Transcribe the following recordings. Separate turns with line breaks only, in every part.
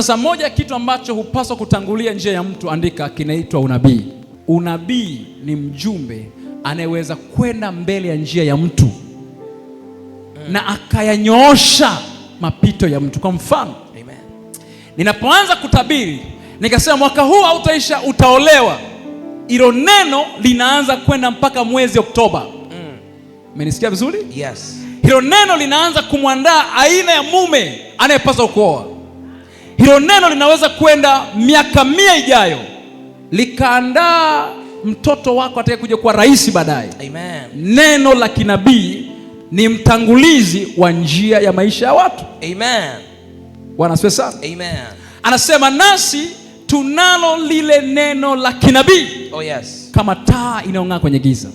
Sasa moja kitu ambacho hupaswa kutangulia njia ya mtu, andika, kinaitwa unabii. Unabii ni mjumbe anayeweza kwenda mbele ya njia ya mtu mm. na akayanyoosha mapito ya mtu. Kwa mfano, Amen. Ninapoanza kutabiri nikasema mwaka huu hautaisha, utaolewa, ilo neno linaanza kwenda mpaka mwezi Oktoba. Mmenisikia mm. vizuri? Yes. Hilo neno linaanza kumwandaa aina ya mume anayepaswa kuoa hilo neno linaweza kwenda miaka mia ijayo likaandaa mtoto wako atakayekuja kuwa rais baadaye. Neno la kinabii ni mtangulizi wa njia ya maisha ya watu. Amen. Bwana asifiwe sana. Amen. Anasema nasi tunalo lile neno la kinabii. Oh, yes. Kama taa inayong'aa kwenye giza.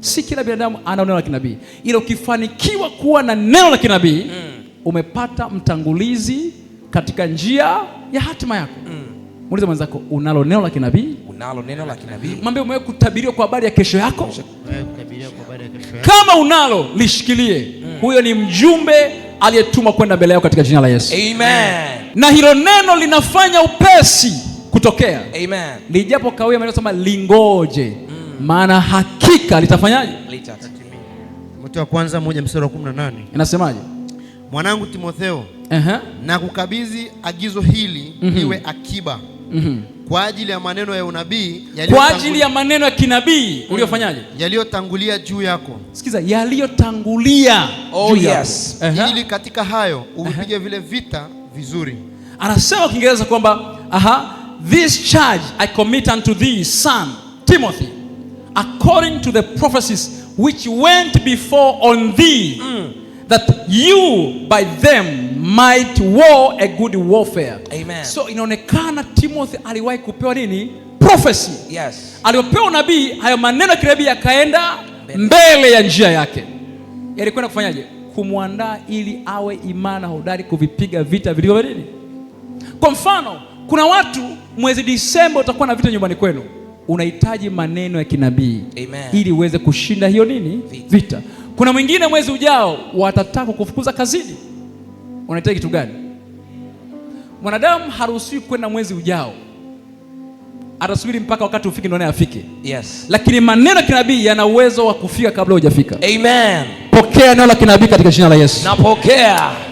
Si kila binadamu ana neno la kinabii, ila ukifanikiwa kuwa na neno la kinabii mm, umepata mtangulizi katika njia ya hatima yako. Mm. Muulize mwenzako, unalo neno la kinabii?
Unalo neno la kinabii?
Mwambie umewe kutabiriwa kwa habari ya kesho yako? Kama unalo lishikilie. Mm. Huyo ni mjumbe aliyetumwa kwenda mbele yako katika jina la Yesu.
Amen.
Na hilo neno linafanya upesi kutokea. Amen. Lijapo kawia maneno sema lingoje, mm. maana hakika litafanyaje? Litatimia.
Timotheo wa kwanza moja mstari wa 18. Inasemaje? Mwanangu Timotheo uh -huh. na kukabidhi agizo hili mm -hmm. liwe akiba mm -hmm. kwa ajili ya maneno ya unabii
kwa ajili ya maneno ya kinabii mm. uliofanyaje
yaliyotangulia juu yako.
Sikiza, yaliyotangulia oh, juu yes.
yako uh -huh. ili katika hayo upige uh -huh. vile vita vizuri.
Anasema Kiingereza kwamba aha, this charge I commit unto thee son Timothy according to the prophecies which went before on thee mm. that you by them might war a good warfare. Amen. So inaonekana Timothy aliwahi kupewa nini? Prophecy. Yes. Aliyopewa nabii hayo maneno ya kinabii yakaenda mbele ya njia yake, yalikwenda kufanyaje? Kumwandaa ili awe imana hodari kuvipiga vita vilivyo nini. Kwa mfano, kuna watu mwezi Disemba utakuwa na vita nyumbani kwenu, unahitaji maneno ya kinabii ili uweze kushinda hiyo nini vita. Kuna mwingine mwezi ujao watataka kukufukuza kazini unahitaji kitu gani? Mwanadamu haruhusiwi kwenda mwezi ujao, atasubiri mpaka wakati ufike ndio naye afike. Yes. Lakini maneno ya kinabii yana uwezo wa kufika kabla hujafika.
Amen.
Pokea neno la kinabii katika jina la Yesu.
Napokea.